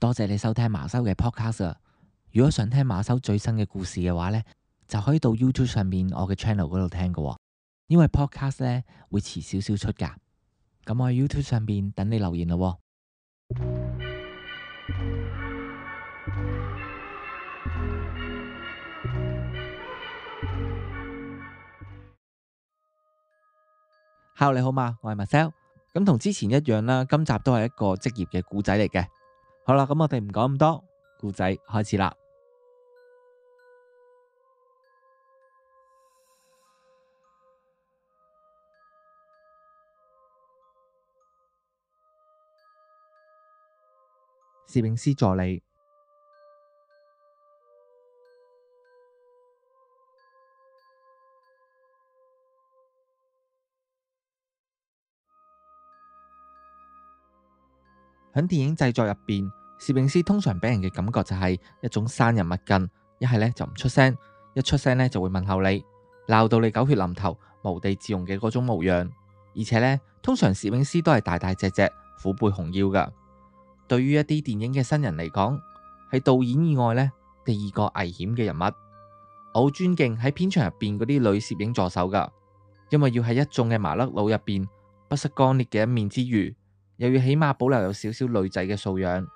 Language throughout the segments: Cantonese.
多謝你收聽馬修嘅 podcast。如果想聽馬修最新嘅故事嘅話呢，就可以到 YouTube 上面我嘅 channel 嗰度聽噶。因為 podcast 呢會遲少少出噶。咁我喺 YouTube 上面等你留言咯。Hello，你好嘛？我係 Marcel。咁同之前一樣啦，今集都係一個職業嘅故仔嚟嘅。好啦，咁我哋唔講咁多，故仔開始啦。攝影師助理喺電影製作入邊。攝影師通常俾人嘅感覺就係一種生人勿近，一係呢就唔出聲，一出聲呢就會問候你，鬧到你狗血淋頭、無地自容嘅嗰種模樣。而且呢，通常攝影師都係大大只隻、虎背熊腰噶。對於一啲電影嘅新人嚟講，係導演以外呢，第二個危險嘅人物。我好尊敬喺片場入邊嗰啲女攝影助手噶，因為要喺一眾嘅麻甩佬入邊不失剛烈嘅一面之餘，又要起碼保留有少少女仔嘅素養。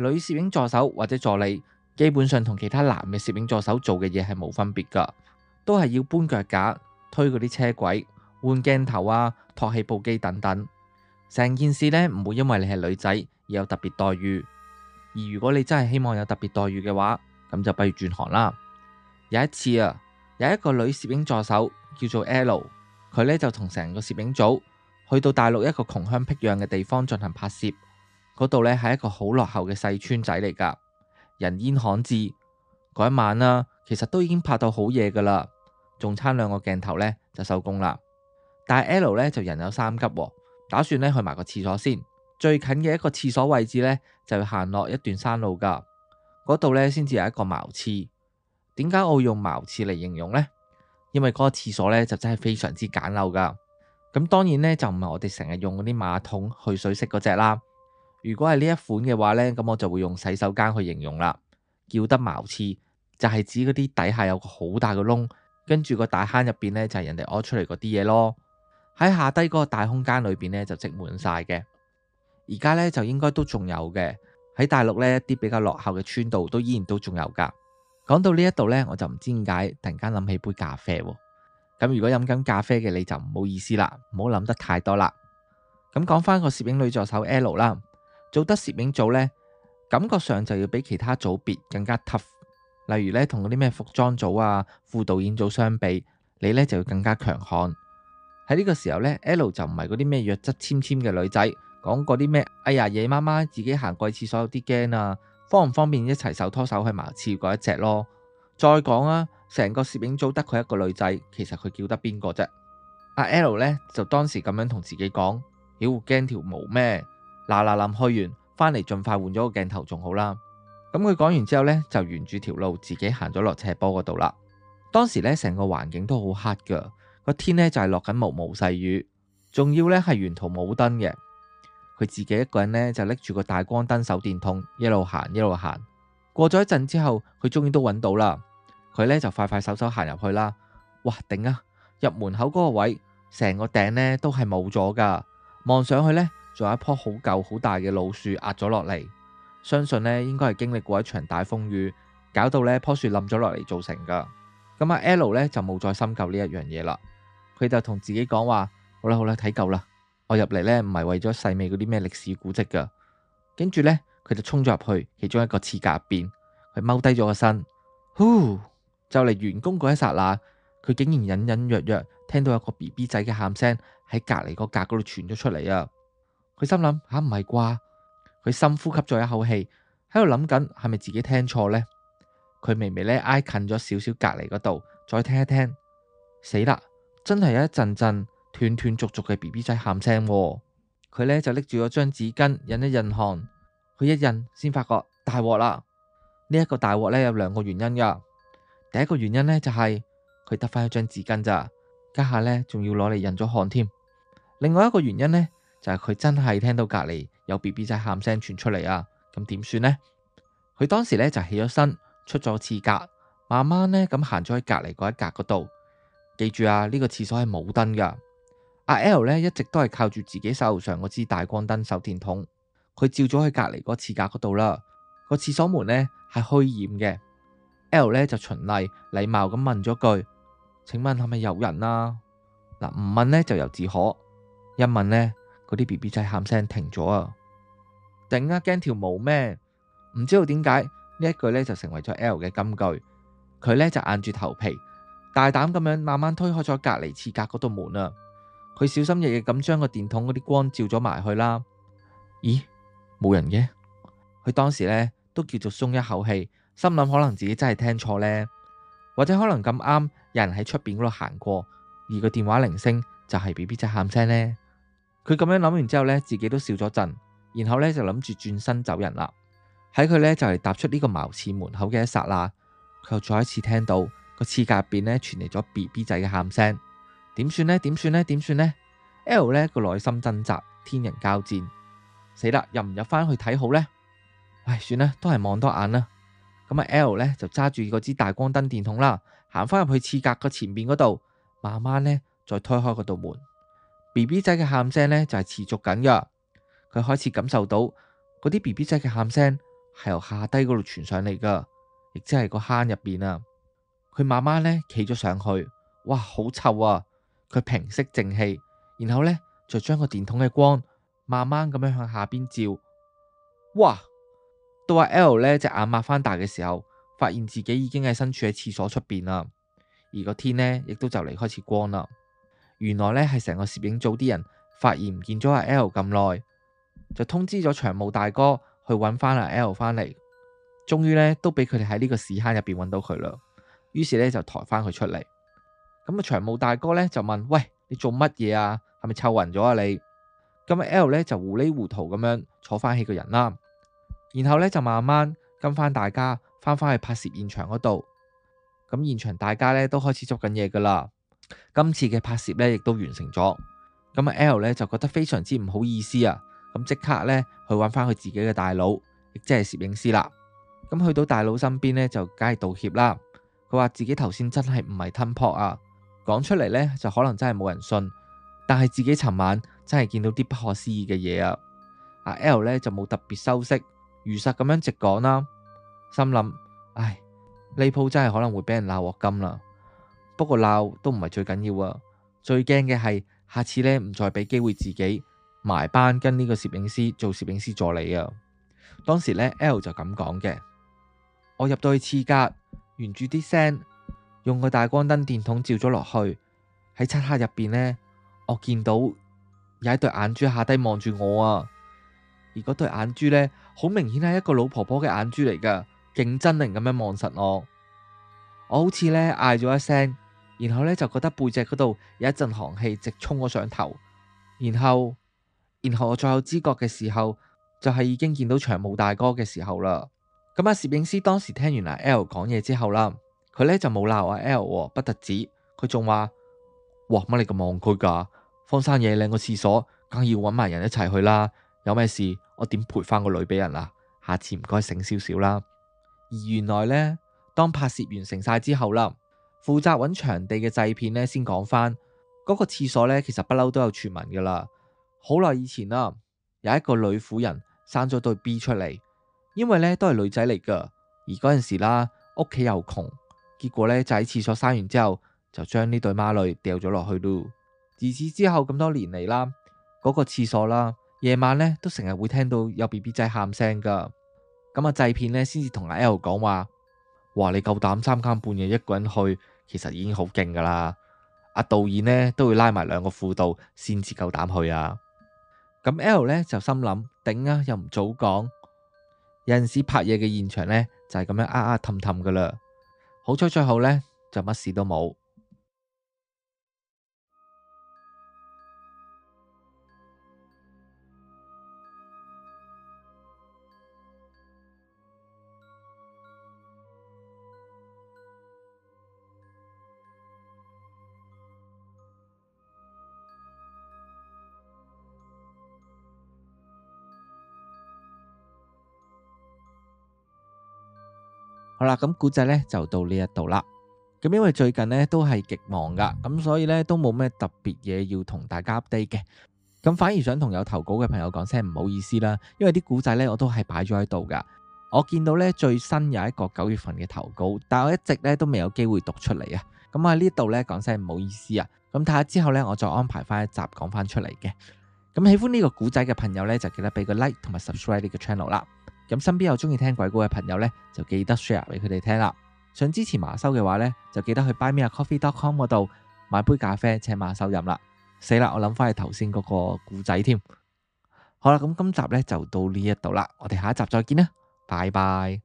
女攝影助手或者助理，基本上同其他男嘅攝影助手做嘅嘢係冇分別噶，都係要搬腳架、推嗰啲車軌、換鏡頭啊、托起部機等等。成件事呢，唔會因為你係女仔而有特別待遇。而如果你真係希望有特別待遇嘅話，咁就不如轉行啦。有一次啊，有一個女攝影助手叫做 L，佢呢就同成個攝影組去到大陸一個窮鄉僻壤嘅地方進行拍攝。嗰度咧係一個好落後嘅細村仔嚟噶，人煙罕至。嗰一晚啦、啊，其實都已經拍到好夜噶啦，仲差兩個鏡頭咧就收工啦。但係 L 咧就人有三急、哦，打算咧去埋個廁所先。最近嘅一個廁所位置咧就要行落一段山路噶，嗰度咧先至有一個茅廁。點解我會用茅廁嚟形容呢？因為嗰個廁所咧就真係非常之簡陋噶。咁當然咧就唔係我哋成日用嗰啲馬桶去水式嗰隻啦。如果係呢一款嘅話呢，咁我就會用洗手間去形容啦。叫得茅廁就係指嗰啲底下有個好大嘅窿，跟住個大坑入邊呢，就係人哋屙出嚟嗰啲嘢咯。喺下低嗰個大空間裏邊呢，就積滿晒嘅。而家呢，就應該都仲有嘅，喺大陸呢，一啲比較落後嘅村度都依然都仲有噶。講到呢一度呢，我就唔知點解突然間諗起杯咖啡咁。如果飲緊咖啡嘅你就唔好意思啦，唔好諗得太多啦。咁講翻個攝影女助手 L 啦。做得攝影組呢，感覺上就要比其他組別更加 tough。例如呢，同嗰啲咩服裝組啊、副導演組相比，你呢就要更加強悍。喺呢個時候呢 L 就唔係嗰啲咩弱質纖纖嘅女仔，講嗰啲咩哎呀，夜媽媽自己行過廁所有啲驚啊，方唔方便一齊手拖手去茅廁過一隻咯？再講啊，成個攝影組得佢一個女仔，其實佢叫得邊個啫？阿 L 呢，就當時咁樣同自己講：妖驚條毛咩？嗱嗱林去完，返嚟盡快換咗個鏡頭，仲好啦。咁佢講完之後呢，就沿住條路自己行咗落斜坡嗰度啦。當時呢，成個環境都好黑噶，個天呢，就係落緊毛毛細雨，仲要呢，係沿途冇燈嘅。佢自己一個人呢，就拎住個大光燈手電筒一路行一路行。過咗一陣之後，佢終於都揾到啦。佢呢，就快快手手行入去啦。哇！頂啊！入門口嗰個位，成個頂呢，都係冇咗噶，望上去呢。仲有一棵好舊好大嘅老樹壓咗落嚟，相信咧應該係經歷過一場大風雨，搞到呢棵樹冧咗落嚟造成噶。咁阿 L 咧就冇再深究呢一樣嘢啦，佢就同自己講話：好啦好啦，睇夠啦，我入嚟呢唔係為咗細味嗰啲咩歷史古跡噶。跟住呢，佢就衝咗入去其中一個廁格入邊，佢踎低咗個身，呼就嚟完工嗰一剎那，佢竟然隱隱約約約聽到有個 B B 仔嘅喊聲喺隔籬個格嗰度傳咗出嚟啊！佢心諗吓，唔係啩？佢深呼吸咗一口氣，喺度諗緊係咪自己聽錯呢？佢微微呢挨近咗少少隔籬嗰度，再聽一聽，死啦！真係有一陣陣斷斷續續嘅 BB 仔喊聲。佢呢就拎住咗張紙巾引引，印一印汗。佢一印，先發覺大鑊啦！呢一個大鑊呢，有兩個原因噶。第一個原因呢，就係佢得返一張紙巾咋，家下呢仲要攞嚟印咗汗添。另外一個原因呢，就係佢真係聽到隔籬有 B B 仔喊聲傳出嚟啊，咁點算呢？佢當時呢就起咗身，出咗次格，慢慢呢咁行咗喺隔籬嗰一格嗰度。記住啊，呢個廁所係冇燈噶。阿 L 呢一直都係靠住自己手上嗰支大光燈手電筒，佢照咗去隔籬個廁格嗰度啦。個廁所門呢係虛掩嘅，L 呢就循例禮貌咁問咗句：請問係咪有人啊？嗱，唔問呢就由自可，一問呢？嗰啲 B B 仔喊聲停咗啊！突然間，驚條毛咩？唔知道點解呢一句呢就成為咗 L 嘅金句。佢呢就硬住頭皮，大膽咁樣慢慢推開咗隔離次格嗰度門啊！佢小心翼翼咁將個電筒嗰啲光照咗埋去啦，啊。咦，冇人嘅。佢當時呢都叫做鬆一口氣，心諗可能自己真係聽錯呢，或者可能咁啱有人喺出邊嗰度行過，而個電話鈴聲就係 B B 仔喊聲呢。佢咁樣諗完之後呢，自己都笑咗陣，然後呢，就諗住轉身走人啦。喺佢呢，就係踏出呢個茅廁門口嘅一剎那，佢又再一次聽到個廁格入邊呢傳嚟咗 B B 仔嘅喊聲。點算呢？點算呢？點算呢？L 呢個內心掙扎，天人交戰，死啦！入唔入翻去睇好呢？唉，算啦，都係望多眼啦。咁啊，L 呢，就揸住嗰支大光燈電筒啦，行翻入去廁格個前面嗰度，慢慢呢，再推開嗰道門。B B 仔嘅喊聲咧就係持續緊嘅，佢開始感受到嗰啲 B B 仔嘅喊聲係由下低嗰度傳上嚟噶，亦即係個坑入邊啊。佢慢慢咧企咗上去，哇，好臭啊！佢平息靜氣，然後咧就將個電筒嘅光慢慢咁樣向下邊照。哇！到阿 L 咧隻眼擘翻大嘅時候，發現自己已經係身處喺廁所出邊啦，而個天咧亦都就嚟開始光啦。原來咧係成個攝影組啲人發現唔見咗阿 L 咁耐，就通知咗長毛大哥去揾翻阿 L 翻嚟，終於咧都俾佢哋喺呢個屎坑入邊揾到佢啦。於是咧就抬翻佢出嚟。咁啊，長毛大哥咧就問：喂，你做乜嘢啊？係咪臭暈咗啊你？咁阿 L 咧就糊裏糊塗咁樣坐翻起個人啦，然後咧就慢慢跟翻大家翻返去拍攝現場嗰度。咁現場大家咧都開始捉緊嘢噶啦。今次嘅拍攝呢亦都完成咗。咁阿 L 呢就覺得非常之唔好意思啊。咁即刻呢去揾翻佢自己嘅大佬，亦即係攝影師啦。咁去到大佬身邊呢，就梗係道歉啦。佢話自己頭先真係唔係吞泡啊，講出嚟，呢就可能真係冇人信。但係自己尋晚真係見到啲不可思議嘅嘢啊。阿 L 呢就冇特別修飾，如實咁樣直講啦。心諗，唉，呢鋪真係可能會俾人鬧鑊金啦。不過鬧都唔係最緊要啊，最驚嘅係下次呢，唔再俾機會自己埋班跟呢個攝影師做攝影師助理啊。當時呢 L 就咁講嘅，我入到去廁格，沿住啲聲，用個大光燈電筒照咗落去，喺漆黑入邊呢，我見到有一對眼珠下低望住我啊，而嗰對眼珠呢，好明顯係一個老婆婆嘅眼珠嚟㗎，勁猙獰咁樣望實我，我好似呢嗌咗一聲。然後咧，就覺得背脊嗰度有一陣寒氣直衝我上頭，然後然後我再有知覺嘅時候就係、是、已經見到長毛大哥嘅時候啦。咁、嗯、啊，攝影師當時聽完阿 L 講嘢之後啦，佢咧就冇鬧阿 L 不得止，佢仲話，哇乜你咁望佢噶？荒山野嶺個廁所，梗要搵埋人一齊去啦。有咩事我點賠翻個女俾人啊？下次唔該醒少少啦。而原來呢，當拍攝完成晒之後啦。負責揾場地嘅製片呢，先講返。嗰個廁所呢，其實不嬲都有傳聞噶啦。好耐以前啦，有一個女婦人生咗對 B 出嚟，因為呢都係女仔嚟噶，而嗰陣時啦，屋企又窮，結果呢就喺廁所生完之後，就將呢對孖女掉咗落去咯。自此之後咁多年嚟啦，嗰個廁所啦，夜晚呢都成日會聽到有 B B 仔喊聲噶。咁啊，製片呢先至同阿 L 講話，話你夠膽三更半夜一個人去？其實已經好勁噶啦，阿導演呢都會拉埋兩個副導先至夠膽去啊。咁 L 呢就心諗，頂啊，又唔早講，有陣時拍嘢嘅現場呢就係咁樣啊，啊氹氹噶啦。好彩最後呢就乜事都冇。好啦，咁古仔呢就到呢一度啦。咁因為最近呢都係極忙噶，咁所以呢都冇咩特別嘢要同大家 update 嘅。咁反而想同有投稿嘅朋友講聲唔好意思啦，因為啲古仔呢我都係擺咗喺度噶。我見到呢最新有一個九月份嘅投稿，但我一直呢都未有機會讀出嚟啊。咁喺呢度呢講聲唔好意思啊。咁睇下之後呢，我再安排翻一集講翻出嚟嘅。咁喜歡呢個古仔嘅朋友呢，就記得俾個 like 同埋 subscribe 呢個 channel 啦。咁身邊有鍾意聽鬼故嘅朋友呢，就記得 share 俾佢哋聽啦。想支持馬修嘅話呢，就記得去 buymeacoffee.com 嗰度買杯咖啡請馬修飲啦。死啦，我諗翻起頭先嗰個故仔添。好啦，咁今集呢就到呢一度啦，我哋下一集再見啦，拜拜。